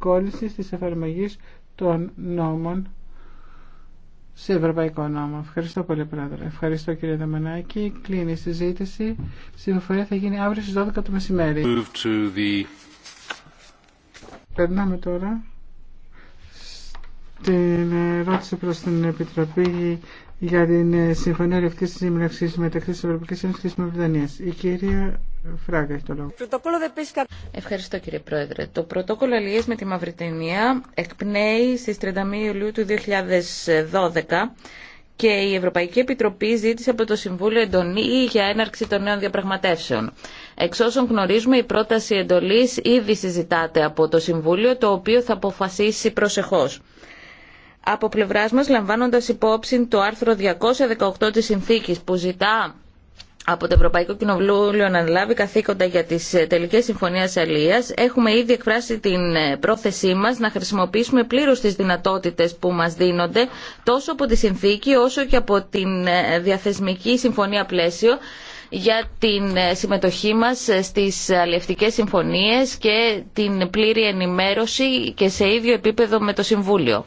κόλλησης της εφαρμογής των νόμων σε ευρωπαϊκό νόμο. Ευχαριστώ πολύ, Πρόεδρε. Ευχαριστώ, κύριε Δαμανάκη. Κλείνει η συζήτηση. Η συμφορία θα γίνει αύριο στις 12 το μεσημέρι. Περνάμε τώρα την ερώτηση προς την Επιτροπή για την Συμφωνία τη Σύμπραξης μεταξύ της Ευρωπαϊκής Ένωσης και της Μαυριτανίας. Η κυρία Φράγκα έχει το λόγο. Ευχαριστώ κύριε Πρόεδρε. Το πρωτόκολλο αλληλείας με τη Μαυριτανία εκπνέει στις 31 Ιουλίου του 2012 και η Ευρωπαϊκή Επιτροπή ζήτησε από το Συμβούλιο εντονή για έναρξη των νέων διαπραγματεύσεων. Εξ όσων γνωρίζουμε, η πρόταση εντολής ήδη συζητάται από το Συμβούλιο, το οποίο θα αποφασίσει προσεχώς από πλευρά μα λαμβάνοντας υπόψη το άρθρο 218 της συνθήκης που ζητά από το Ευρωπαϊκό Κοινοβούλιο να αναλάβει καθήκοντα για τις ε, τελικές συμφωνίες αλίας. Έχουμε ήδη εκφράσει την ε, πρόθεσή μας να χρησιμοποιήσουμε πλήρως τις δυνατότητες που μας δίνονται τόσο από τη συνθήκη όσο και από την ε, διαθεσμική συμφωνία πλαίσιο για την συμμετοχή μας στις αλλιευτικές συμφωνίες και την πλήρη ενημέρωση και σε ίδιο επίπεδο με το Συμβούλιο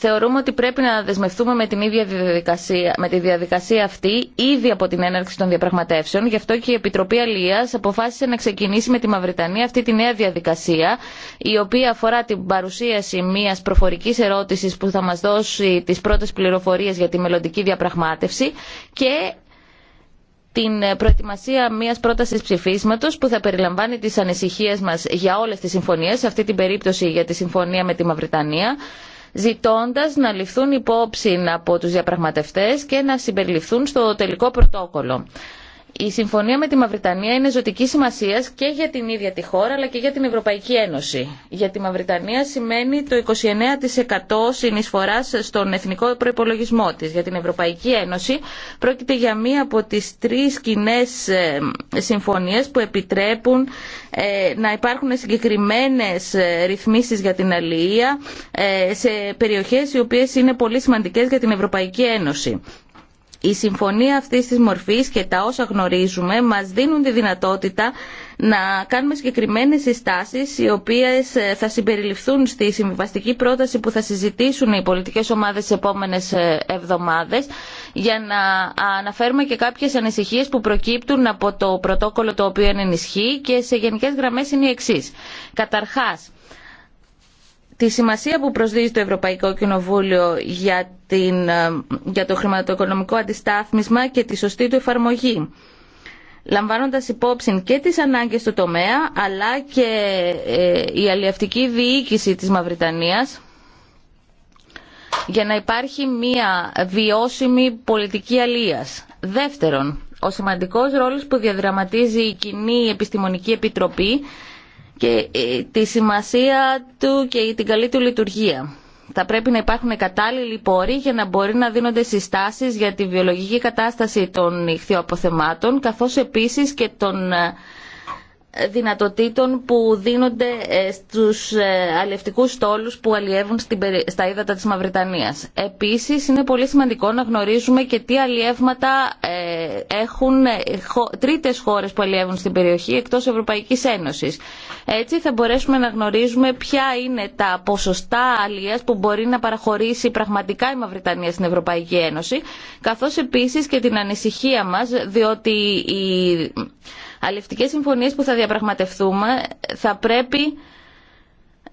θεωρούμε ότι πρέπει να δεσμευτούμε με, την ίδια διαδικασία, με τη διαδικασία αυτή ήδη από την έναρξη των διαπραγματεύσεων. Γι' αυτό και η Επιτροπή Αλία αποφάσισε να ξεκινήσει με τη Μαυριτανία αυτή τη νέα διαδικασία, η οποία αφορά την παρουσίαση μια προφορική ερώτηση που θα μα δώσει τι πρώτε πληροφορίε για τη μελλοντική διαπραγμάτευση και την προετοιμασία μια πρόταση ψηφίσματο που θα περιλαμβάνει τι ανησυχίε μα για όλε τι συμφωνίε, σε αυτή την περίπτωση για τη συμφωνία με τη Μαυριτανία, ζητώντας να ληφθούν υπόψη από τους διαπραγματευτές και να συμπεριληφθούν στο τελικό πρωτόκολλο η συμφωνία με τη Μαυριτανία είναι ζωτική σημασία και για την ίδια τη χώρα αλλά και για την Ευρωπαϊκή Ένωση. Για τη Μαυριτανία σημαίνει το 29% συνεισφορά στον εθνικό προπολογισμό τη. Για την Ευρωπαϊκή Ένωση πρόκειται για μία από τι τρει κοινέ ε, συμφωνίε που επιτρέπουν ε, να υπάρχουν συγκεκριμένε ε, ρυθμίσει για την αλληλεία σε περιοχέ οι οποίε είναι πολύ σημαντικέ για την Ευρωπαϊκή Ένωση η συμφωνία αυτής της μορφής και τα όσα γνωρίζουμε μας δίνουν τη δυνατότητα να κάνουμε συγκεκριμένες συστάσεις οι οποίες ε, θα συμπεριληφθούν στη συμβιβαστική πρόταση που θα συζητήσουν οι πολιτικές ομάδες τις επόμενες ε, εβδομάδες για να αναφέρουμε και κάποιες ανησυχίες που προκύπτουν από το πρωτόκολλο το οποίο ενισχύει και σε γενικές γραμμές είναι οι εξής. Καταρχάς, τη σημασία που προσδίδει το Ευρωπαϊκό Κοινοβούλιο για, την, ε, για το χρηματοοικονομικό αντιστάθμισμα και τη σωστή του εφαρμογή λαμβάνοντας υπόψη και τις ανάγκες του τομέα αλλά και ε, η αλλιευτική διοίκηση της Μαυριτανίας για να υπάρχει μια βιώσιμη πολιτική αλίας. Δεύτερον, ο σημαντικός ρόλος που διαδραματίζει η Κοινή Επιστημονική Επιτροπή και ε, τη σημασία του και την καλή του λειτουργία. Θα πρέπει να υπάρχουν κατάλληλοι πόροι για να μπορεί να δίνονται συστάσεις για τη βιολογική κατάσταση των ηχθειοαποθεμάτων καθώς επίσης και των ε, δυνατοτήτων που δίνονται ε, στους ε, αλλιευτικούς στόλους που αλλιεύουν στα ύδατα της Μαυριτανίας. Επίσης είναι πολύ σημαντικό να γνωρίζουμε και τι αλλιεύματα ε, έχουν τρίτες χώρες που αλλιεύουν στην περιοχή εκτός Ευρωπαϊκής Ένωσης. Έτσι θα μπορέσουμε να γνωρίζουμε ποια είναι τα ποσοστά αλλιεύματα που μπορεί να παραχωρήσει πραγματικά η Μαυριτανία στην Ευρωπαϊκή Ένωση καθώς επίσης και την ανησυχία μας διότι αλληλευτικές συμφωνίες που θα διαπραγματευτούμε θα πρέπει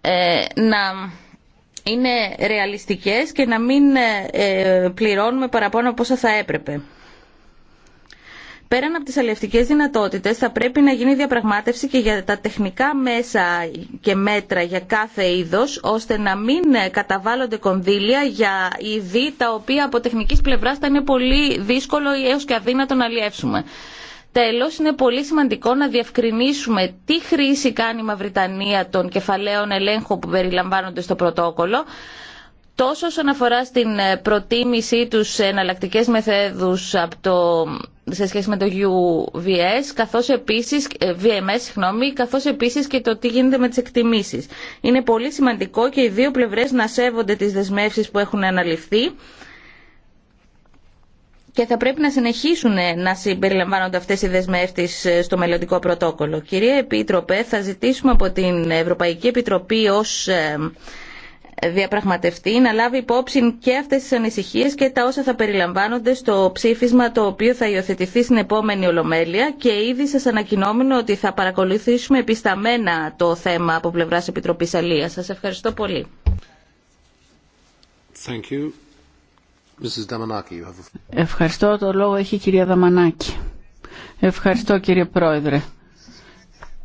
ε, να είναι ρεαλιστικές και να μην ε, ε, πληρώνουμε παραπάνω από όσα θα έπρεπε. Πέραν από τις αλληλευτικές δυνατότητες θα πρέπει να γίνει διαπραγμάτευση και για τα τεχνικά μέσα και μέτρα για κάθε είδος ώστε να μην καταβάλλονται κονδύλια για είδη τα οποία από τεχνικής πλευράς θα είναι πολύ δύσκολο ή έως και αδύνατο να αλλιεύσουμε. Τέλος, είναι πολύ σημαντικό να διευκρινίσουμε τι χρήση κάνει η Μαυριτανία των κεφαλαίων ελέγχου που περιλαμβάνονται στο πρωτόκολλο, τόσο όσον αφορά στην ε, προτίμησή τους σε εναλλακτικές μεθέδους από το σε σχέση με το UVS, καθώς επίσης, VMS, ε, συγγνώμη, καθώς επίσης και το τι γίνεται με τις εκτιμήσεις. Είναι πολύ σημαντικό και οι δύο πλευρές να σέβονται τις δεσμεύσεις που έχουν αναλυφθεί και θα πρέπει να συνεχίσουν να συμπεριλαμβάνονται αυτές οι δεσμεύτες ε, στο μελλοντικό πρωτόκολλο. Κυρία Επίτροπε, θα ζητήσουμε από την Ευρωπαϊκή Επιτροπή ως ε, διαπραγματευτή να λάβει υπόψη και αυτές τις ανησυχίες και τα όσα θα περιλαμβάνονται στο ψήφισμα το οποίο θα υιοθετηθεί στην επόμενη Ολομέλεια και ήδη σας ανακοινώμενο ότι θα παρακολουθήσουμε επισταμένα το θέμα από πλευράς Επιτροπής Αλίας. Σας ευχαριστώ πολύ. Thank Ευχαριστώ. Το λόγο έχει η κυρία Δαμανάκη. Ευχαριστώ κύριε Πρόεδρε.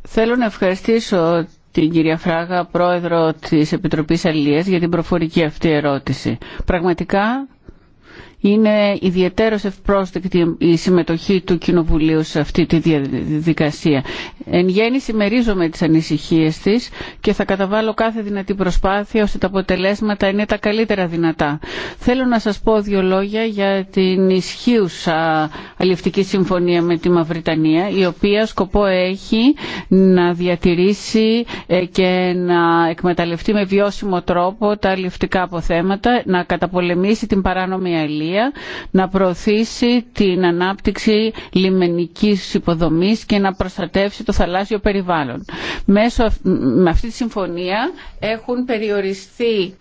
Θέλω να ευχαριστήσω την κυρία Φράγα, πρόεδρο της Επιτροπής Αλληλείας, για την προφορική αυτή ερώτηση. Πραγματικά είναι ιδιαίτερος ευπρόσδεκτη η συμμετοχή του Κοινοβουλίου σε αυτή τη διαδικασία. Εν γέννη συμμερίζομαι τις ανησυχίες της και θα καταβάλω κάθε δυνατή προσπάθεια ώστε τα αποτελέσματα είναι τα καλύτερα δυνατά. Θέλω να σας πω δύο λόγια για την ισχύουσα αλληλευτική συμφωνία με τη Μαυριτανία η οποία σκοπό έχει να διατηρήσει ε, και να εκμεταλλευτεί με βιώσιμο τρόπο τα αλληλευτικά αποθέματα, να καταπολεμήσει την παράνομη αλληλεία να προωθήσει την ανάπτυξη λιμενικής υποδομής και να προστατεύσει το θαλάσσιο περιβάλλον. Μέσω, με αυτή τη συμφωνία έχουν περιοριστεί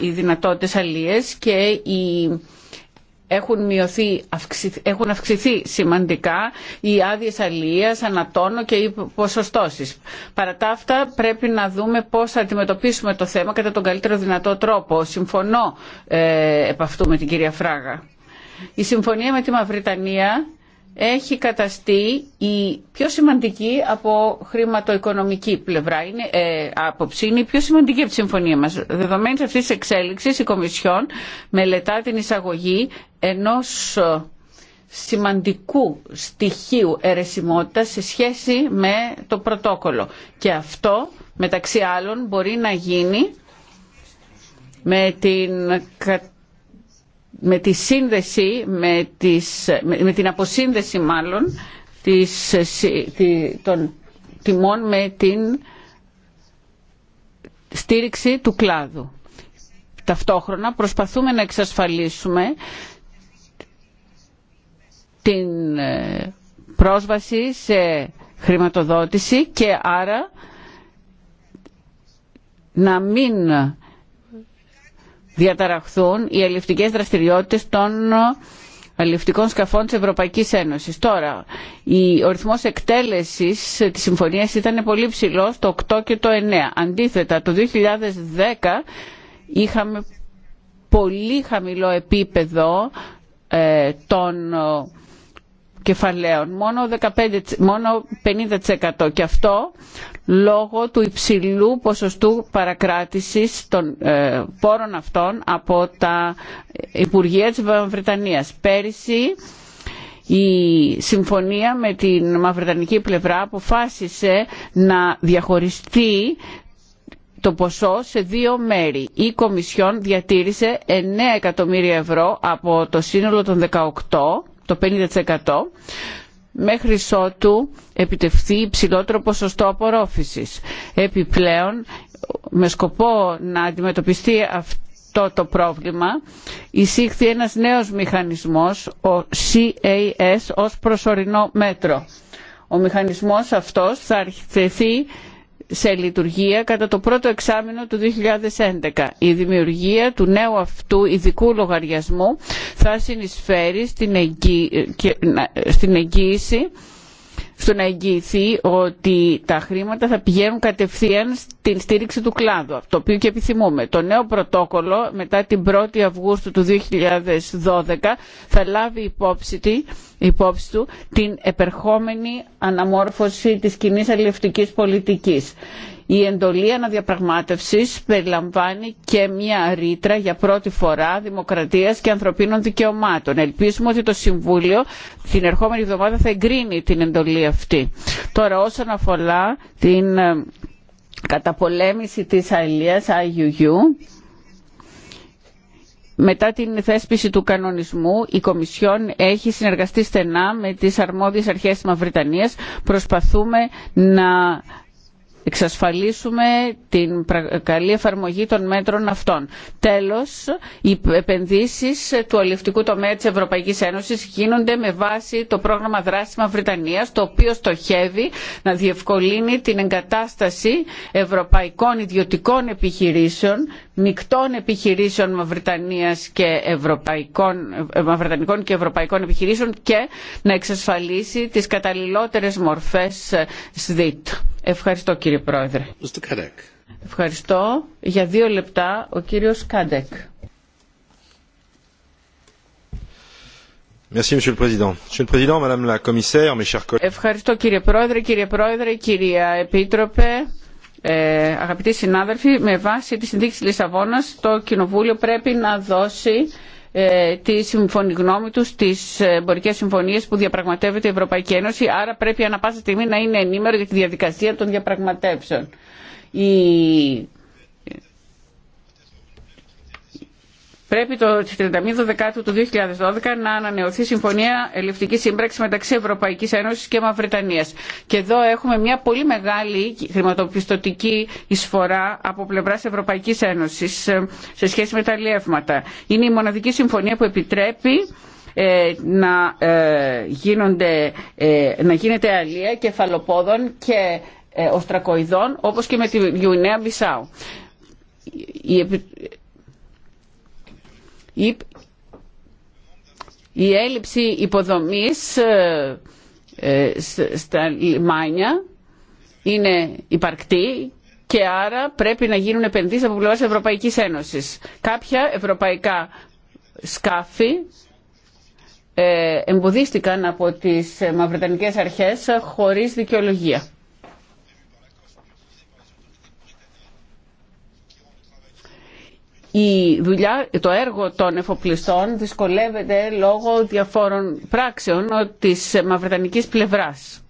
οι δυνατότητες αλίες και οι έχουν, μειωθεί, έχουν αυξηθεί σημαντικά οι άδειε αλληλεία, ανατόνο και οι ποσοστώσει. Παρά τα αυτά, πρέπει να δούμε πώ θα αντιμετωπίσουμε το θέμα κατά τον καλύτερο δυνατό τρόπο. Συμφωνώ ε, επ' αυτού με την κυρία Φράγα. Η συμφωνία με τη Μαυριτανία έχει καταστεί η πιο σημαντική από χρηματοοικονομική πλευρά. Είναι ε, άποψη, είναι η πιο σημαντική από τη συμφωνία μας. Δεδομένης αυτής της εξέλιξης, η Κομισιόν μελετά την εισαγωγή ενός ε, σημαντικού στοιχείου αιρεσιμότητας σε σχέση με το πρωτόκολλο. Και αυτό, μεταξύ άλλων, μπορεί να γίνει με την με τη σύνδεση, με, την αποσύνδεση μάλλον της, των τιμών με την στήριξη του κλάδου. Ταυτόχρονα προσπαθούμε να εξασφαλίσουμε την ε, πρόσβαση σε χρηματοδότηση και άρα να μην διαταραχθούν οι αλληλευτικές δραστηριότητες των ε, αλληλευτικών σκαφών της Ευρωπαϊκής Ένωσης. Τώρα, ο ρυθμός εκτέλεσης της συμφωνίας ήταν πολύ ψηλός το 8 και το 9. Αντίθετα, το 2010 είχαμε πολύ χαμηλό επίπεδο ε, των κεφαλαίων, μόνο, 50% και αυτό λόγω του υψηλού ποσοστού παρακράτησης των ε, πόρων αυτών από τα Υπουργεία της Βρετανίας. Πέρυσι η συμφωνία με την μαυρετανική πλευρά αποφάσισε να διαχωριστεί το ποσό σε δύο μέρη. Η Κομισιόν διατήρησε 9 εκατομμύρια ευρώ από το σύνολο των 18 το 50% μέχρι ότου επιτευχθεί υψηλότερο ποσοστό απορρόφησης. Επιπλέον, με σκοπό να αντιμετωπιστεί αυτό το πρόβλημα, εισήχθη ένας νέος μηχανισμός, ο CAS, ως προσωρινό μέτρο. Ο μηχανισμός αυτός θα αρχιθεθεί σε λειτουργία κατά το πρώτο εξάμεινο του 2011. Η δημιουργία του νέου αυτού ειδικού λογαριασμού θα συνεισφέρει στην εγγύηση στο να εγγυηθεί ότι τα χρήματα θα πηγαίνουν κατευθείαν στην στήριξη του κλάδου, το οποίο και επιθυμούμε. Το νέο πρωτόκολλο μετά την 1η Αυγούστου του 2012 θα λάβει υπόψη, υπόψη του την επερχόμενη αναμόρφωση της κοινή αλληλευτικής πολιτικής η εντολή αναδιαπραγμάτευσης περιλαμβάνει και μια ρήτρα για πρώτη φορά δημοκρατίας και ανθρωπίνων δικαιωμάτων. Ελπίζουμε ότι το Συμβούλιο την ερχόμενη εβδομάδα θα εγκρίνει την εντολή αυτή. Τώρα όσον αφορά την ε, καταπολέμηση της αηλίας IUU, μετά την θέσπιση του κανονισμού η κομισιόν έχει συνεργαστεί στενά με τις αρμόδιες αρχές της μαυριτανίας. προσπαθούμε να εξασφαλίσουμε την καλή εφαρμογή των μέτρων αυτών. Τέλος, οι επενδύσεις του αλληλευτικού τομέα της Ευρωπαϊκής Ένωσης γίνονται με βάση το πρόγραμμα δράσης Μαυριτανίας, το οποίο στοχεύει να διευκολύνει την εγκατάσταση ευρωπαϊκών ιδιωτικών επιχειρήσεων, μεικτών επιχειρήσεων και ευρωπαϊκών, ε, Μαυριτανικών και ευρωπαϊκών επιχειρήσεων και να εξασφαλίσει τις καταλληλότερες μορφές ΣΔΙΤ. Ευχαριστώ κύριε Πρόεδρε. Ευχαριστώ. Για δύο λεπτά ο κύριος Κάντεκ. Ευχαριστώ κύριε Πρόεδρε, κύριε Πρόεδρε, κυρία Επίτροπε, ε, αγαπητοί συνάδελφοι. Με βάση τη συνδίκη της Λισαβόνας το Κοινοβούλιο πρέπει να δώσει ε, τη συμφωνή γνώμη τους, τις εμπορικές συμφωνίες που διαπραγματεύεται η Ευρωπαϊκή Ένωση, άρα πρέπει ανα πάσα στιγμή να είναι ενήμερο για τη διαδικασία των διαπραγματεύσεων. Η Πρέπει το 31 Δεκάτου του 2012 να ανανεωθεί Συμφωνία ελευθερική Σύμπραξης μεταξύ Ευρωπαϊκής Ένωσης και Μαυρετανίας. Και εδώ έχουμε μια πολύ μεγάλη χρηματοπιστωτική εισφορά από πλευράς Ευρωπαϊκής Ένωσης ε, σε σχέση με τα αλλιεύματα. Είναι η μοναδική συμφωνία που επιτρέπει ε, να, ε, γίνονται, να γίνεται αλλία κεφαλοπόδων και οστρακοειδών όπως και με τη Γιουνέα Μπισάου η έλλειψη υποδομής ε, ε, στα λιμάνια είναι υπαρκτή και άρα πρέπει να γίνουν επενδύσεις από πλευράς Ευρωπαϊκής Ένωσης. Κάποια ευρωπαϊκά σκάφη ε, εμποδίστηκαν από τις μαυρετανικές αρχές χωρίς δικαιολογία. η δουλειά, το έργο των εφοπλιστών δυσκολεύεται λόγω διαφόρων πράξεων της μαυρετανικής πλευράς.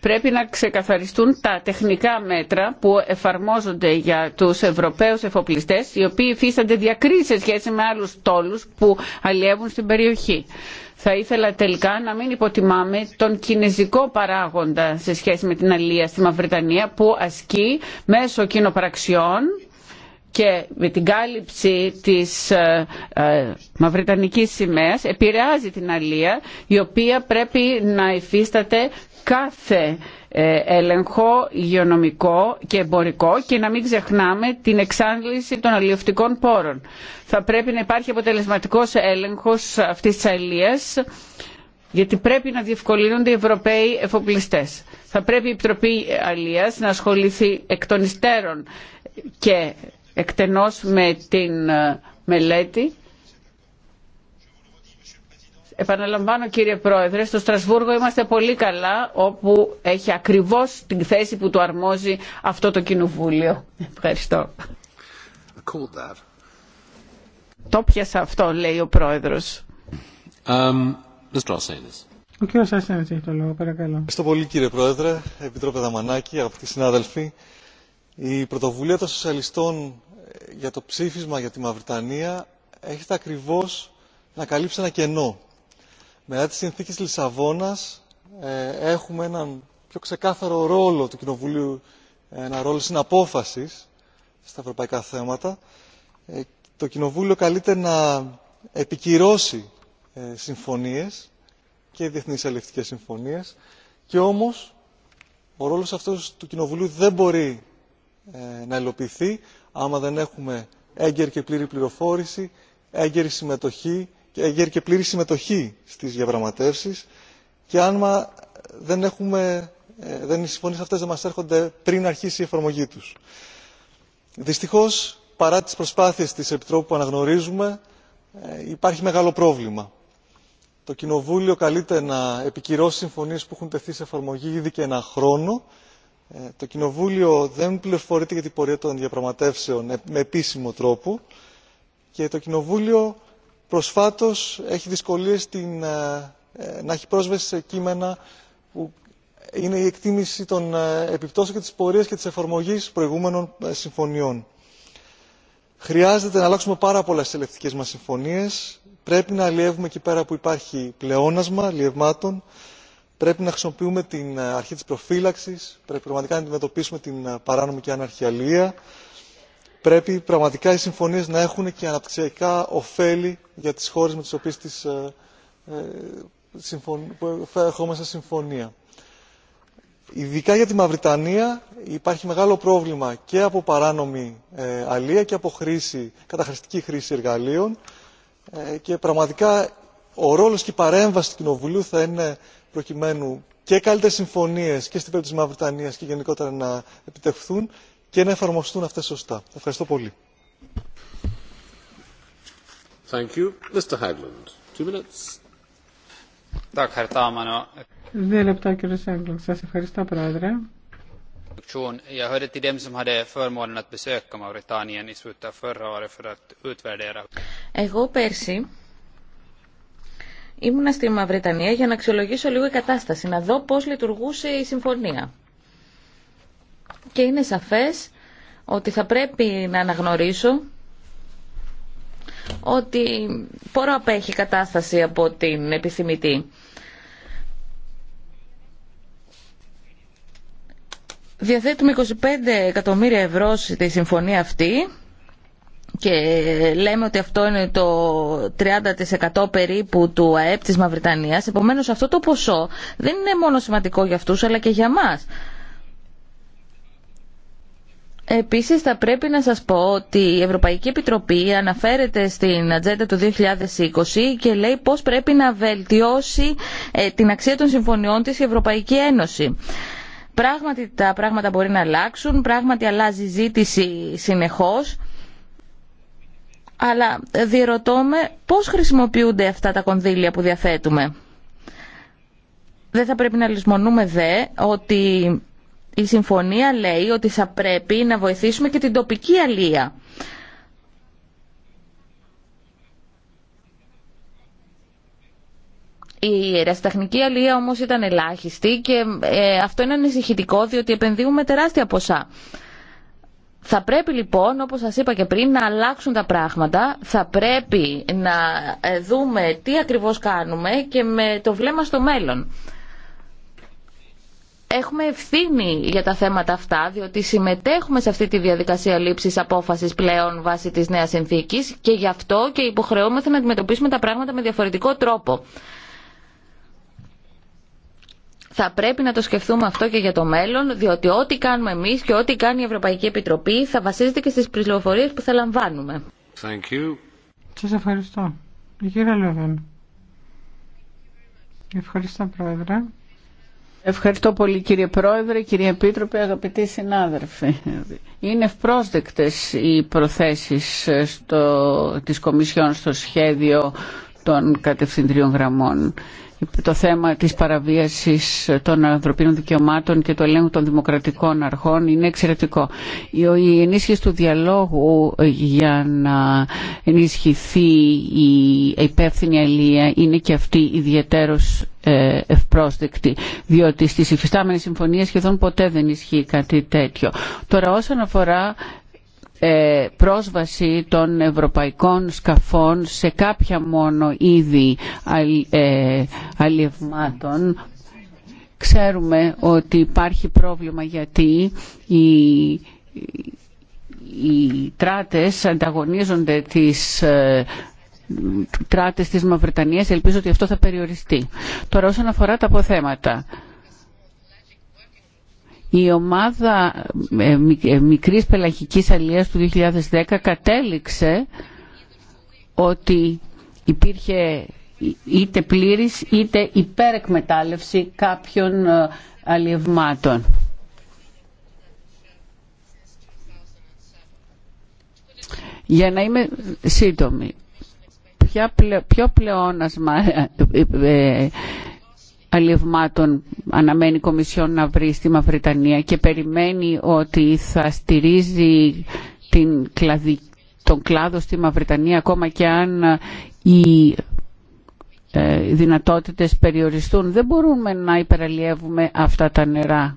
Πρέπει να ξεκαθαριστούν τα τεχνικά μέτρα που εφαρμόζονται για τους Ευρωπαίους εφοπλιστές, οι οποίοι υφίστανται διακρίσεις σχέση με άλλους τόλους που αλλιεύουν στην περιοχή. Θα ήθελα τελικά να μην υποτιμάμε τον κινέζικο παράγοντα σε σχέση με την αλία στη Μαυριτανία που ασκεί μέσω κοινοπραξιών και με την κάλυψη της ε, ε, μαυριτανικής σημαίας επηρεάζει την αλία η οποία πρέπει να υφίσταται κάθε ε, έλεγχο υγειονομικό και εμπορικό και να μην ξεχνάμε την εξάντληση των αλλιευτικών πόρων. Θα πρέπει να υπάρχει αποτελεσματικός έλεγχος αυτής της αλληλείας γιατί πρέπει να διευκολύνονται οι Ευρωπαίοι εφοπλιστές. Θα πρέπει η Επιτροπή Αλίας να ασχοληθεί εκ των υστέρων και εκτενώς με την ε, μελέτη Επαναλαμβάνω κύριε Πρόεδρε, στο Στρασβούργο είμαστε πολύ καλά όπου έχει ακριβώς την θέση που του αρμόζει αυτό το κοινοβούλιο. Ευχαριστώ. That. Το πιασα αυτό, λέει ο Πρόεδρος. Um, ο κύριος Άσενης έχει το λόγο, παρακαλώ. Ευχαριστώ πολύ κύριε Πρόεδρε, Επιτρόπε Δαμανάκη, αγαπητοί συνάδελφοι. Η πρωτοβουλία των σοσιαλιστών ε, για το ψήφισμα για τη Μαυριτανία έχει ακριβώς να καλύψει ένα κενό μετά τη συνθήκη Λισαβόνας ε, έχουμε έναν πιο ξεκάθαρο ρόλο του Κοινοβουλίου, ένα ρόλο συναπόφασης στα ευρωπαϊκά θέματα. Ε, το Κοινοβούλιο καλείται να επικυρώσει ε, συμφωνίες και διεθνείς αλληλευτικές συμφωνίες και όμως ο ρόλος αυτός του Κοινοβουλίου δεν μπορεί να υλοποιηθεί άμα δεν έχουμε έγκαιρη και πλήρη πληροφόρηση, έγκαιρη συμμετοχή για και πλήρη συμμετοχή στις διαπραγματεύσεις και αν δεν έχουμε, ε, δεν, οι συμφωνίες αυτές δεν μας έρχονται πριν αρχίσει η εφαρμογή τους. Δυστυχώς, παρά τις προσπάθειες της Επιτρόπου που αναγνωρίζουμε, ε, υπάρχει μεγάλο πρόβλημα. Το Κοινοβούλιο καλείται να επικυρώσει συμφωνίες που έχουν τεθεί σε εφαρμογή ήδη και ένα χρόνο. Ε, το Κοινοβούλιο δεν πληροφορείται για την πορεία των διαπραγματεύσεων με επίσημο τρόπο και το Κοινοβούλιο προσφάτως έχει δυσκολίες ε, ε, να έχει πρόσβαση σε κείμενα που είναι η εκτίμηση των ε, επιπτώσεων και της πορείας και της εφαρμογής προηγούμενων συμφωνιών. Χρειάζεται να αλλάξουμε πάρα πολλά στις ελευτικές μας συμφωνίες. Πρέπει να αλλιεύουμε εκεί πέρα που υπάρχει πλεόνασμα αλλιευμάτων. Πρέπει να χρησιμοποιούμε την αρχή της προφύλαξης. Πρέπει πραγματικά να αντιμετωπίσουμε την παράνομη και αναρχιαλία πρέπει πραγματικά οι συμφωνίες να έχουν και αναπτυξιακά ωφέλη για τις χώρες με τις οποίες τις, ε, ε, που συμφωνία. Ειδικά για τη Μαυριτανία υπάρχει μεγάλο πρόβλημα και από παράνομη ε, αλία και από χρήση, καταχρηστική χρήση εργαλείων και πραγματικά ο ρόλος και η παρέμβαση του Κοινοβουλίου θα είναι προκειμένου και καλύτερες συμφωνίες και στην περίπτωση της Μαυριτανίας και γενικότερα να επιτευχθούν και να εφαρμοστούν αυτές σωστά. Ευχαριστώ πολύ. Jag hörde till dem som hade förmånen att besöka i slutet av Εγώ πέρσι ήμουνα στη Μαυριτανία για να αξιολογήσω λίγο η κατάσταση, να δω πώς λειτουργούσε η συμφωνία και είναι σαφές ότι θα πρέπει να αναγνωρίσω ότι μπορώ απέχει η κατάσταση από την επιθυμητή. Διαθέτουμε 25 εκατομμύρια ευρώ στη συμφωνία αυτή και λέμε ότι αυτό είναι το 30% περίπου του ΑΕΠ της Μαυριτανίας. Επομένως αυτό το ποσό δεν είναι μόνο σημαντικό για αυτούς αλλά και για μας. Επίσης θα πρέπει να σας πω ότι η Ευρωπαϊκή Επιτροπή αναφέρεται στην ατζέντα του 2020 και λέει πώς πρέπει να βελτιώσει ε, την αξία των συμφωνιών της η Ευρωπαϊκή Ένωση. Πράγματι τα πράγματα μπορεί να αλλάξουν, πράγματι αλλάζει η ζήτηση συνεχώς αλλά διερωτώ με πώς χρησιμοποιούνται αυτά τα κονδύλια που διαθέτουμε. Δεν θα πρέπει να λησμονούμε δε ότι η συμφωνία λέει ότι θα πρέπει να βοηθήσουμε και την τοπική αλία. Η ερασιτεχνική αλία όμως ήταν ελάχιστη και ε, αυτό είναι ανησυχητικό διότι επενδύουμε τεράστια ποσά. Θα πρέπει λοιπόν, όπως σας είπα και πριν, να αλλάξουν τα πράγματα. Θα πρέπει να ε, δούμε τι ακριβώς κάνουμε και με το βλέμμα στο μέλλον έχουμε ευθύνη για τα θέματα αυτά, διότι συμμετέχουμε σε αυτή τη διαδικασία λήψη απόφαση πλέον βάσει της νέας συνθήκη. και γι' αυτό και υποχρεώμεθα να αντιμετωπίσουμε τα πράγματα με διαφορετικό τρόπο. Θα πρέπει να το σκεφτούμε αυτό και για το μέλλον, διότι ό,τι κάνουμε εμείς και ό,τι κάνει η Ευρωπαϊκή Επιτροπή θα βασίζεται και στις πληροφορίες που θα λαμβάνουμε. Thank Σας ευχαριστώ. Κύριε Ευχαριστώ, Πρόεδρε. Ευχαριστώ πολύ κύριε Πρόεδρε, κύριε Επίτροπε, αγαπητοί συνάδελφοι. Είναι ευπρόσδεκτες οι προθέσεις ε, στο, της Κομισιόν στο σχέδιο των κατευθυντριών γραμμών το θέμα της παραβίασης των ανθρωπίνων δικαιωμάτων και του ελέγχου των δημοκρατικών αρχών είναι εξαιρετικό. Η ενίσχυση του διαλόγου για να ενισχυθεί η υπεύθυνη αλληλεία είναι και αυτή ιδιαίτερος ε, ευπρόσδεκτη, διότι στις υφιστάμενες συμφωνίες σχεδόν ποτέ δεν ισχύει κάτι τέτοιο. Τώρα όσον αφορά ε, πρόσβαση των ευρωπαϊκών σκαφών σε κάποια μόνο είδη ε, αλλιευμάτων. Ξέρουμε ότι υπάρχει πρόβλημα γιατί οι οι τράτες ανταγωνίζονται τις ε, τράτες της Μαυριτανίας. Ελπίζω ότι αυτό θα περιοριστεί. Τώρα όσον αφορά τα αποθέματα. Η ομάδα ε, ε, μικρής πελαγικής αλίας του 2010 κατέληξε ότι υπήρχε είτε πλήρης είτε υπερεκμετάλλευση κάποιων ε, αλλιευμάτων. Για να είμαι σύντομη, ποιο πλεόνασμα αλλιευμάτων αναμένει η Κομισιόν να βρει στη Μαυριτανία και περιμένει ότι θα στηρίζει τον κλάδο στη Μαυριτανία ακόμα και αν οι ε, δυνατότητες περιοριστούν. Δεν μπορούμε να υπεραλλιεύουμε αυτά τα νερά,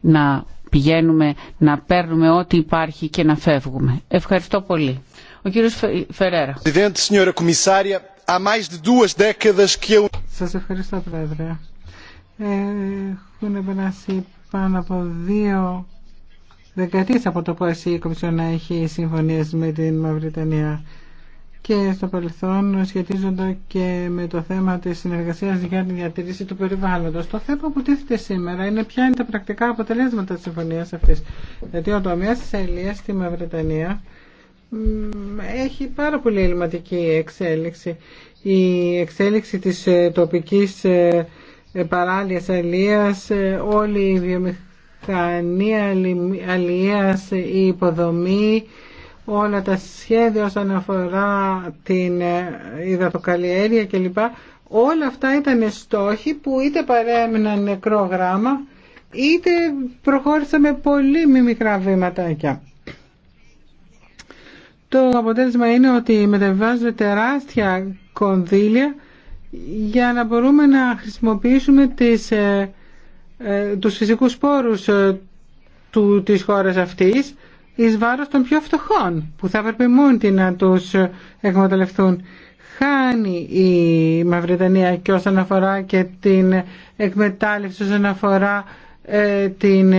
να πηγαίνουμε, να παίρνουμε ό,τι υπάρχει και να φεύγουμε. Ευχαριστώ πολύ. Ο κύριος Φερέρα. Σας ευχαριστώ, Πρόεδρε. Έχουν περάσει πάνω από δύο δεκαετίες από το πόση η Κομισιόνα έχει συμφωνίες με την Μαυριτανία και στο παρελθόν σχετίζονται και με το θέμα της συνεργασίας για την διατήρηση του περιβάλλοντος. Το θέμα που τίθεται σήμερα είναι ποια είναι τα πρακτικά αποτελέσματα της συμφωνίας αυτής. Γιατί ο τομέας της Αιλίας στη Μαυριτανία έχει πάρα πολύ ελληματική εξέλιξη. Η εξέλιξη της ε, τοπικής ε, παράλληλες αλίας, ε, όλη η βιομηχανία αλίας, ε, η υποδομή, όλα τα σχέδια όσον αφορά την ε, υδατοκαλλιέργεια κλπ. Όλα αυτά ήταν στόχοι που είτε παρέμειναν νεκρό γράμμα, είτε προχώρησαμε πολύ μη μικρά βήματάκια. Το αποτέλεσμα είναι ότι μετεβάζουν τεράστια κονδύλια για να μπορούμε να χρησιμοποιήσουμε τις, ε, ε, τους φυσικούς πόρους ε, του, της χώρας αυτής εις βάρος των πιο φτωχών που θα έπρεπε μόνοι να τους εκμεταλλευτούν. Χάνει η Μαυρετανία και όσον αφορά και την εκμετάλλευση, όσον αφορά την,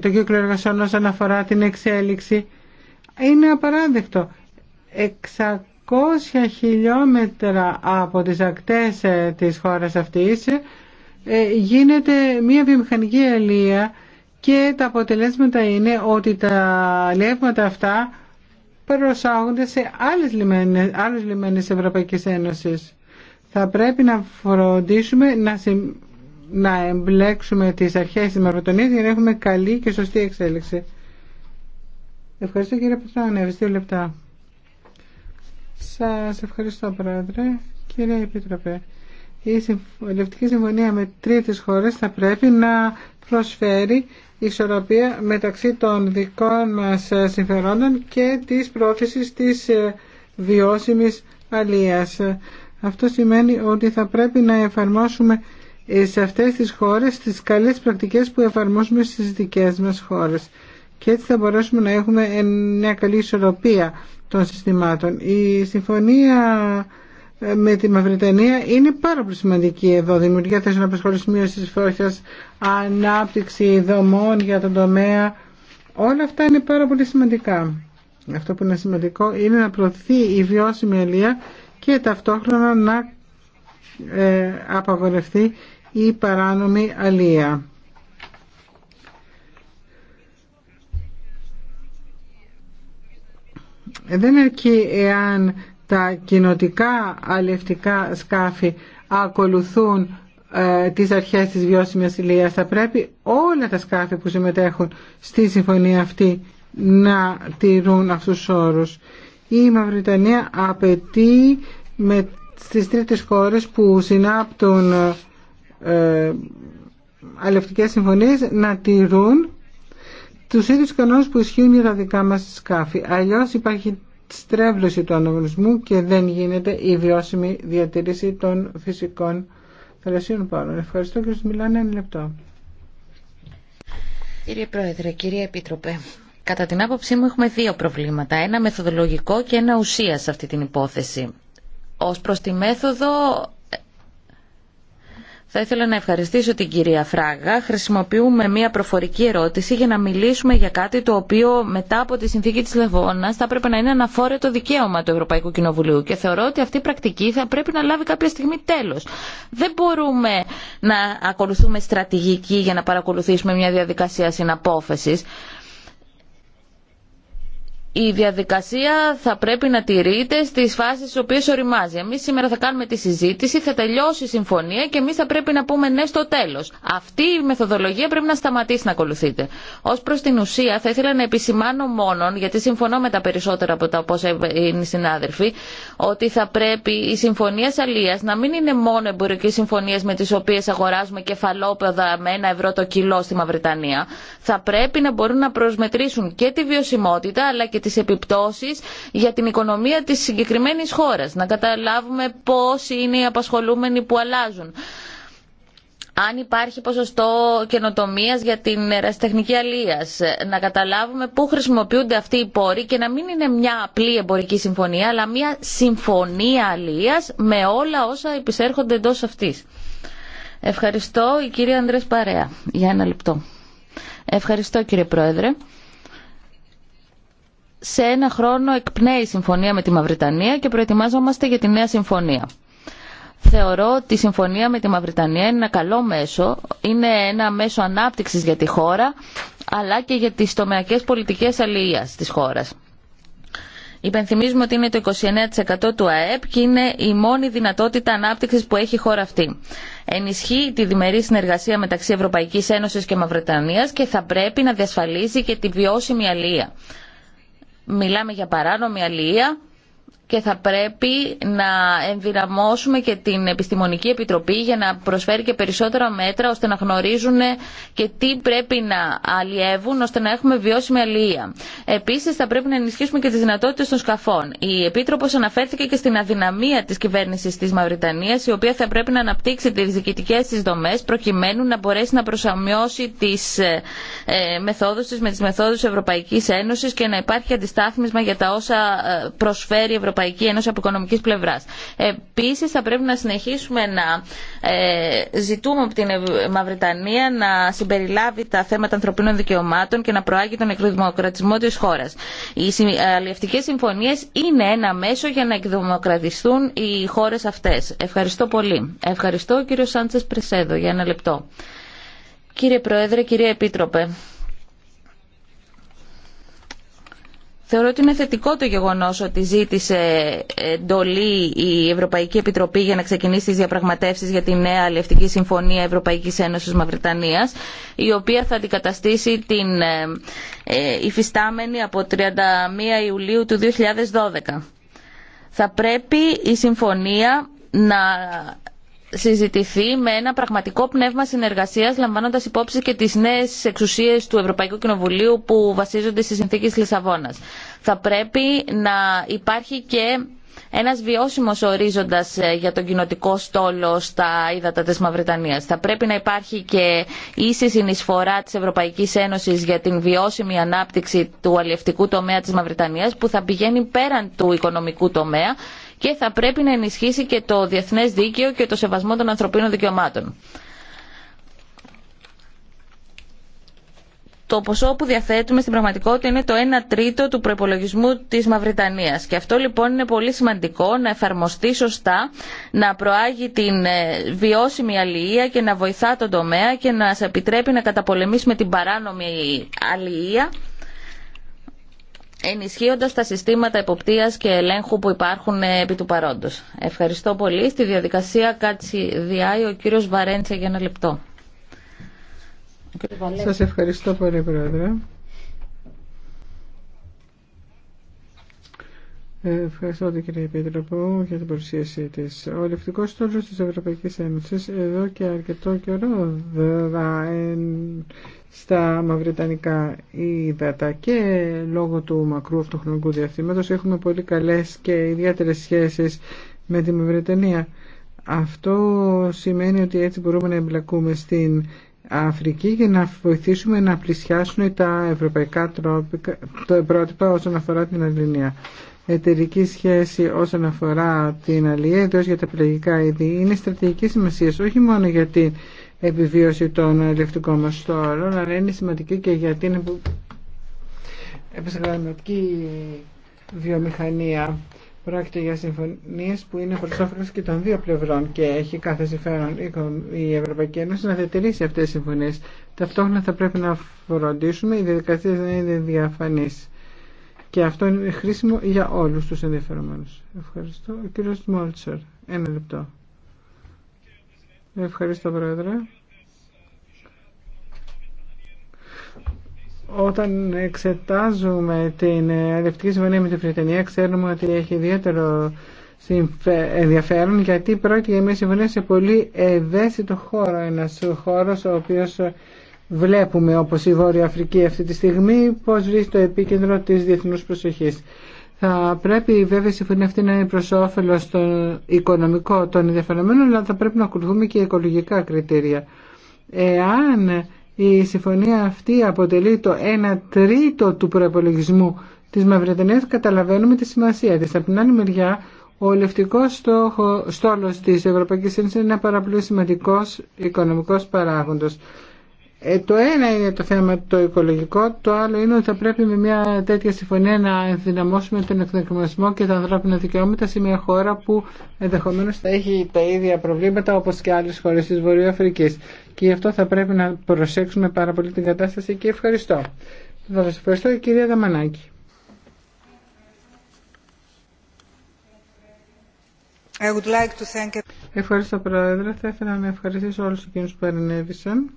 το κύκλο εργασιών, όσον αφορά την εξέλιξη. Είναι απαράδεκτο χιλιόμετρα από τις ακτές ε, της χώρας αυτής ε, γίνεται μια βιομηχανική αλία και τα αποτελέσματα είναι ότι τα λεύματα αυτά προσάγονται σε άλλες λιμένες, άλλες λιμένες Ευρωπαϊκής Ένωσης. Θα πρέπει να φροντίσουμε να, να εμπλέξουμε τις αρχές της Μεροτονίας για να έχουμε καλή και σωστή εξέλιξη. Ευχαριστώ κύριε Πετράνευση. Δύο λεπτά. Σας ευχαριστώ Πρόεδρε. Κύριε Επίτροπε, η Ελευτική Συμφωνία με τρίτες χώρες θα πρέπει να προσφέρει ισορροπία μεταξύ των δικών μας συμφερόντων και της πρόθεσης της ε, βιώσιμης αλίας. Αυτό σημαίνει ότι θα πρέπει να εφαρμόσουμε ε, σε αυτές τις χώρες τις καλές πρακτικές που εφαρμόσουμε στις δικές μας χώρες. Και έτσι θα μπορέσουμε να έχουμε μια καλή ισορροπία των συστημάτων. Η συμφωνία ε, με τη Μαυριτανία είναι πάρα πολύ σημαντική εδώ. Δημιουργία θέσεων απασχόλησης μείωση φτώχεια, ανάπτυξη δομών για τον τομέα. Όλα αυτά είναι πάρα πολύ σημαντικά. Αυτό που είναι σημαντικό είναι να προωθεί η βιώσιμη αλεία και ταυτόχρονα να ε, απαγορευτεί η παράνομη αλεία. Ε, δεν αρκεί εάν τα κοινοτικά αλευτικά σκάφη ακολουθούν ε, τις αρχές της βιώσιμης ηλίας. Θα πρέπει όλα τα σκάφη που συμμετέχουν στη συμφωνία αυτή να τηρούν αυτούς τους όρους. Η Μαυριτανία απαιτεί με, στις τρίτες χώρες που συνάπτουν ε, ε αλευτικές συμφωνίες να τηρούν τους ίδιους κανόνες που ισχύουν για τα δικά μας σκάφη. Αλλιώς υπάρχει στρέβλωση του αναγνωρισμού και δεν γίνεται η βιώσιμη διατήρηση των φυσικών θερασίων. πόρων. Ευχαριστώ και σας μιλάνε ένα λεπτό. Κύριε Πρόεδρε, κύριε Επίτροπε, κατά την άποψή μου έχουμε δύο προβλήματα. Ένα μεθοδολογικό και ένα ουσία σε αυτή την υπόθεση. Ως προς τη μέθοδο θα ήθελα να ευχαριστήσω την κυρία Φράγα. Χρησιμοποιούμε μια προφορική ερώτηση για να μιλήσουμε για κάτι το οποίο μετά από τη συνθήκη τη Λεβόνας θα πρέπει να είναι αναφόρετο δικαίωμα του Ευρωπαϊκού Κοινοβουλίου και θεωρώ ότι αυτή η πρακτική θα πρέπει να λάβει κάποια στιγμή τέλο. Δεν μπορούμε να ακολουθούμε στρατηγική για να παρακολουθήσουμε μια διαδικασία συναπόφεση η διαδικασία θα πρέπει να τηρείται στι φάσει στι οποίε οριμάζει. Εμεί σήμερα θα κάνουμε τη συζήτηση, θα τελειώσει η συμφωνία και εμεί θα πρέπει να πούμε ναι στο τέλο. Αυτή η μεθοδολογία πρέπει να σταματήσει να ακολουθείτε. Ω προ την ουσία, θα ήθελα να επισημάνω μόνον, γιατί συμφωνώ με τα περισσότερα από τα όπω είναι οι συνάδελφοι, ότι θα πρέπει οι συμφωνίε αλεία να μην είναι μόνο εμπορικέ συμφωνίε με τι οποίε αγοράζουμε κεφαλόπεδα με ένα ευρώ το κιλό στη Μαυριτανία. Θα πρέπει να μπορούν να προσμετρήσουν και τη βιωσιμότητα αλλά και τις επιπτώσεις για την οικονομία της συγκεκριμένης χώρας. Να καταλάβουμε πώς είναι οι απασχολούμενοι που αλλάζουν. Αν υπάρχει ποσοστό καινοτομία για την ερασιτεχνική αλεία, να καταλάβουμε πού χρησιμοποιούνται αυτοί οι πόροι και να μην είναι μια απλή εμπορική συμφωνία, αλλά μια συμφωνία αλεία με όλα όσα επισέρχονται εντό αυτή. Ευχαριστώ η κυρία Ανδρέα Παρέα για ένα λεπτό. Ευχαριστώ κύριε Πρόεδρε σε ένα χρόνο εκπνέει η συμφωνία με τη Μαυριτανία και προετοιμάζομαστε για τη νέα συμφωνία. Θεωρώ ότι η συμφωνία με τη Μαυριτανία είναι ένα καλό μέσο, είναι ένα μέσο ανάπτυξης για τη χώρα, αλλά και για τις τομεακές πολιτικές αλληλείας της χώρας. Υπενθυμίζουμε ότι είναι το 29% του ΑΕΠ και είναι η μόνη δυνατότητα ανάπτυξης που έχει η χώρα αυτή. Ενισχύει τη διμερή συνεργασία μεταξύ Ευρωπαϊκής Ένωσης και Μαυρετανίας και θα πρέπει να διασφαλίζει και τη βιώσιμη αλληλεία. Μιλάμε για παράνομη αλληλεία και θα πρέπει να ενδυναμώσουμε και την Επιστημονική Επιτροπή για να προσφέρει και περισσότερα μέτρα ώστε να γνωρίζουν και τι πρέπει να αλλιεύουν ώστε να έχουμε βιώσιμη αλληλεία. Επίση, θα πρέπει να ενισχύσουμε και τι δυνατότητε των σκαφών. Η επίτροπο αναφέρθηκε και στην αδυναμία τη κυβέρνηση τη Μαυριτανία, η οποία θα πρέπει να αναπτύξει τι διοικητικέ τη δομέ προκειμένου να μπορέσει να προσαμιώσει τι ε, μεθόδους της με τι μεθόδου Ευρωπαϊκής Ένωση και να υπάρχει αντιστάθμισμα για τα όσα ε, προσφέρει η Ευρωπαϊκή Ευρωπαϊκή Ένωση από οικονομική πλευρά. Επίση, θα πρέπει να συνεχίσουμε να ε, ζητούμε από την Μαυριτανία να συμπεριλάβει τα θέματα ανθρωπίνων δικαιωμάτων και να προάγει τον εκδημοκρατισμό τη χώρα. Οι αλληλευτικέ συμφωνίε είναι ένα μέσο για να εκδημοκρατιστούν οι χώρε αυτέ. Ευχαριστώ πολύ. Ευχαριστώ, κύριο Σάντσε Πρεσέδο, για ένα λεπτό. Κύριε Πρόεδρε, κύριε Επίτροπε. Θεωρώ ότι είναι θετικό το γεγονός ότι ζήτησε εντολή η Ευρωπαϊκή Επιτροπή για να ξεκινήσει τι διαπραγματεύσει για τη νέα αλληλευτική συμφωνία Ευρωπαϊκής Ένωσης Μαυριτανίας, η οποία θα αντικαταστήσει την ε, ε, υφιστάμενη από 31 Ιουλίου του 2012. Θα πρέπει η συμφωνία να συζητηθεί με ένα πραγματικό πνεύμα συνεργασίας λαμβάνοντας υπόψη και τις νέες εξουσίες του Ευρωπαϊκού Κοινοβουλίου που βασίζονται στις συνθήκες Λισαβόνας. Θα πρέπει να υπάρχει και ένας βιώσιμος ορίζοντας ε, για τον κοινοτικό στόλο στα ύδατα της Μαυριτανίας. Θα πρέπει να υπάρχει και ίση συνεισφορά της Ευρωπαϊκής Ένωσης για την βιώσιμη ανάπτυξη του αλλιευτικού τομέα της Μαυριτανίας που θα πηγαίνει πέραν του οικονομικού τομέα και θα πρέπει να ενισχύσει και το διεθνέ δίκαιο και το σεβασμό των ανθρωπίνων δικαιωμάτων. το ποσό που διαθέτουμε στην πραγματικότητα είναι το 1 τρίτο του προπολογισμού τη Μαυριτανία. Και αυτό λοιπόν είναι πολύ σημαντικό να εφαρμοστεί σωστά, να προάγει την ε, βιώσιμη αλληλεία και να βοηθά τον τομέα και να σε επιτρέπει να καταπολεμήσουμε την παράνομη αλληλεία ενισχύοντας τα συστήματα εποπτείας και ελέγχου που υπάρχουν ε, επί του παρόντος. Ευχαριστώ πολύ. Στη διαδικασία κάτσι διάει ο κύριος Βαρέντσα για ένα λεπτό. Σας ευχαριστώ πολύ, Πρόεδρε. Ευχαριστώ την κυρία Επίτροπο για την παρουσίασή τη. Ο ελεκτικό στόλο τη Ευρωπαϊκή Ένωση εδώ και αρκετό καιρό στα μαυριτανικά ύδατα και λόγω του μακρού αυτοχρονικού διαθήματο έχουμε πολύ καλέ και ιδιαίτερε σχέσει με τη Μαυριτανία. Αυτό σημαίνει ότι έτσι μπορούμε να εμπλακούμε στην Αφρική για να βοηθήσουμε να πλησιάσουν τα ευρωπαϊκά πρότυπα όσον αφορά την Ελληνία εταιρική σχέση όσον αφορά την αλληλεία, εντό για τα πελαγικά είδη, είναι στρατηγική σημασία όχι μόνο για την επιβίωση των ελευτικών μα στόλων, αλλά είναι σημαντική και για την επιστημονική βιομηχανία. Πρόκειται για συμφωνίε που είναι προ όφελο και των δύο πλευρών και έχει κάθε συμφέρον η Ευρωπαϊκή Ένωση να διατηρήσει αυτέ τι συμφωνίε. Ταυτόχρονα θα πρέπει να φροντίσουμε οι διαδικασίε να είναι διαφανεί. Και αυτό είναι χρήσιμο για όλους τους ενδιαφερομένους. Ευχαριστώ. Ο κύριος Μόλτσερ. Ένα λεπτό. Ευχαριστώ, Πρόεδρε. Όταν εξετάζουμε την αδευτική Συμφωνία με την Βρετανία, ξέρουμε ότι έχει ιδιαίτερο ενδιαφέρον γιατί πρόκειται για μια συμφωνία σε πολύ ευαίσθητο χώρο. Ένας χώρος ο οποίος Βλέπουμε όπως η Βόρεια Αφρική αυτή τη στιγμή πώς βρίσκει το επίκεντρο της διεθνούς προσοχής. Θα πρέπει βέβαια η συμφωνία αυτή να είναι προ όφελο στο οικονομικό των ενδιαφερομένων, αλλά θα πρέπει να ακολουθούμε και οικολογικά κριτήρια. Εάν η συμφωνία αυτή αποτελεί το 1 τρίτο του προπολογισμού της Μαυρετανίας, καταλαβαίνουμε τη σημασία της. Από την άλλη μεριά, ο ελευτικός στόλο στόλος της Ένωση είναι ένα πάρα πολύ σημαντικός οικονομικός ε, το ένα είναι το θέμα το οικολογικό, το άλλο είναι ότι θα πρέπει με μια τέτοια συμφωνία να ενδυναμώσουμε τον εκδοκιμασμό και τα ανθρώπινα δικαιώματα σε μια χώρα που ενδεχομένω θα έχει τα ίδια προβλήματα όπω και άλλε χώρε τη Βορειοαφρικής. Και γι' αυτό θα πρέπει να προσέξουμε πάρα πολύ την κατάσταση και ευχαριστώ. Θα σας ευχαριστώ η κυρία Δαμανάκη. like thank... Ευχαριστώ Πρόεδρε. Θα ήθελα να ευχαριστήσω όλους εκείνους που παρενέβησαν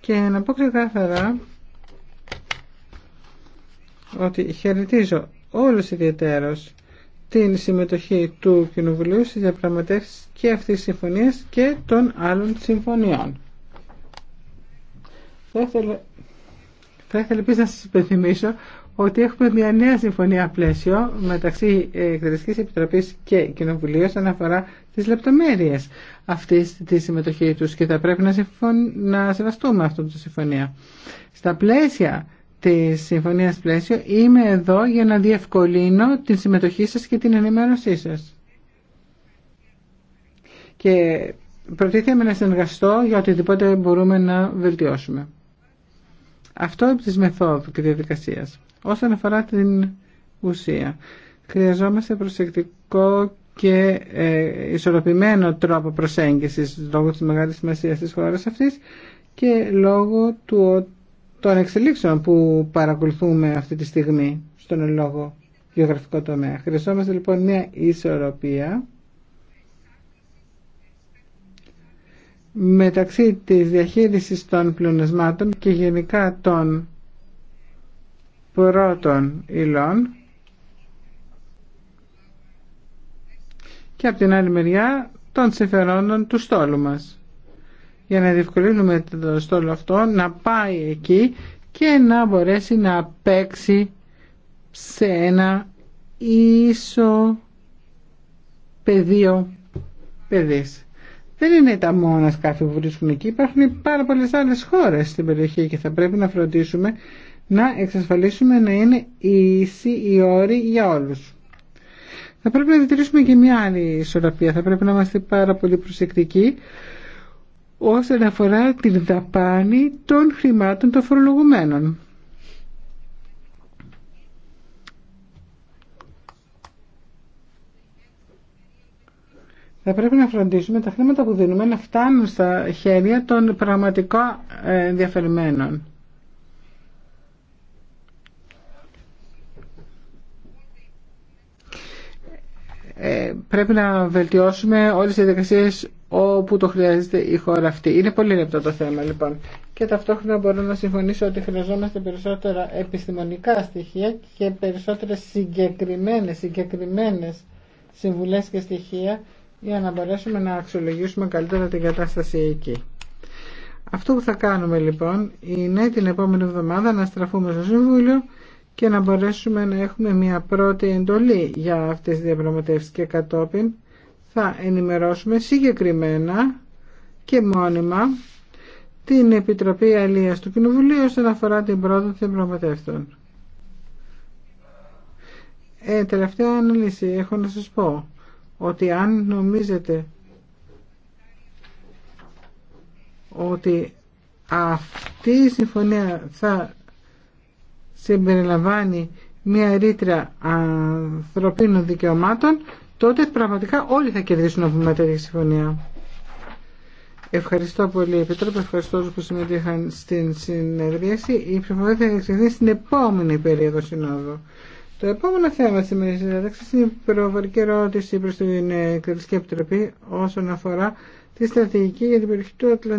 και να πω ξεκάθαρα ότι χαιρετίζω όλους ιδιαιτέρως την συμμετοχή του Κοινοβουλίου στις διαπραγματεύσεις και αυτής της συμφωνίας και των άλλων συμφωνιών. Θα ήθελα, θα ήθελα επίσης να σας υπενθυμίσω ότι έχουμε μια νέα συμφωνία πλαίσιο μεταξύ Εκτελεστικής Επιτροπής και Κοινοβουλίου όσον αφορά τις λεπτομέρειες αυτής της συμμετοχή τους και θα πρέπει να, συμφων... να σεβαστούμε αυτή τη συμφωνία. Στα πλαίσια της συμφωνίας πλαίσιο είμαι εδώ για να διευκολύνω την συμμετοχή σας και την ενημέρωσή σας. Και προτίθεμαι να συνεργαστώ για οτιδήποτε μπορούμε να βελτιώσουμε. Αυτό επί της μεθόδου και διαδικασίας. Όσον αφορά την ουσία, χρειαζόμαστε προσεκτικό και ε, ισορροπημένο τρόπο προσέγγισης λόγω της μεγάλης σημασίας της χώρας αυτής και λόγω του, των εξελίξεων που παρακολουθούμε αυτή τη στιγμή στον λόγο γεωγραφικό τομέα. Χρειαζόμαστε λοιπόν μια ισορροπία μεταξύ της διαχείρισης των πλεονεσμάτων και γενικά των πρώτων υλών και από την άλλη μεριά των συμφερόντων του στόλου μας για να διευκολύνουμε το στόλο αυτό να πάει εκεί και να μπορέσει να παίξει σε ένα ίσο πεδίο παιδής. Δεν είναι τα μόνα σκάφη που βρίσκουν εκεί, υπάρχουν πάρα πολλές άλλες χώρες στην περιοχή και θα πρέπει να φροντίσουμε να εξασφαλίσουμε να είναι ίση η όρη για όλους. Θα πρέπει να διατηρήσουμε και μια άλλη ισορροπία. Θα πρέπει να είμαστε πάρα πολύ προσεκτικοί όσον αφορά την δαπάνη των χρημάτων των φορολογουμένων. Θα πρέπει να φροντίσουμε τα χρήματα που δίνουμε να φτάνουν στα χέρια των πραγματικά ε, ενδιαφερμένων. Ε, πρέπει να βελτιώσουμε όλες τις διαδικασίες όπου το χρειάζεται η χώρα αυτή. Είναι πολύ λεπτό το θέμα λοιπόν. Και ταυτόχρονα μπορώ να συμφωνήσω ότι χρειαζόμαστε περισσότερα επιστημονικά στοιχεία και περισσότερες συγκεκριμένες, συγκεκριμένες συμβουλές και στοιχεία για να μπορέσουμε να αξιολογήσουμε καλύτερα την κατάσταση εκεί. Αυτό που θα κάνουμε λοιπόν είναι την επόμενη εβδομάδα να στραφούμε στο Συμβούλιο και να μπορέσουμε να έχουμε μια πρώτη εντολή για αυτές τις διαπραγματεύσεις και κατόπιν θα ενημερώσουμε συγκεκριμένα και μόνιμα την Επιτροπή Αλίας του Κοινοβουλίου όσον αφορά την πρώτη των διαπραγματεύσεων. Ε, τελευταία αναλύση έχω να σας πω ότι αν νομίζετε ότι αυτή η συμφωνία θα συμπεριλαμβάνει μια ρήτρα ανθρωπίνων δικαιωμάτων, τότε πραγματικά όλοι θα κερδίσουν από μια τέτοια συμφωνία. Ευχαριστώ πολύ, Επιτρόπε. Ευχαριστώ όλου που συμμετείχαν στην συνεδρίαση. Η ψηφοφορία θα εξελιχθεί στην επόμενη περίοδο συνόδου. Το επόμενο θέμα σήμερα συνέντευξη είναι η προβολική ερώτηση προ την Εκτελεστική Επιτροπή όσον αφορά τη στρατηγική για την περιοχή του Ατλαντικού.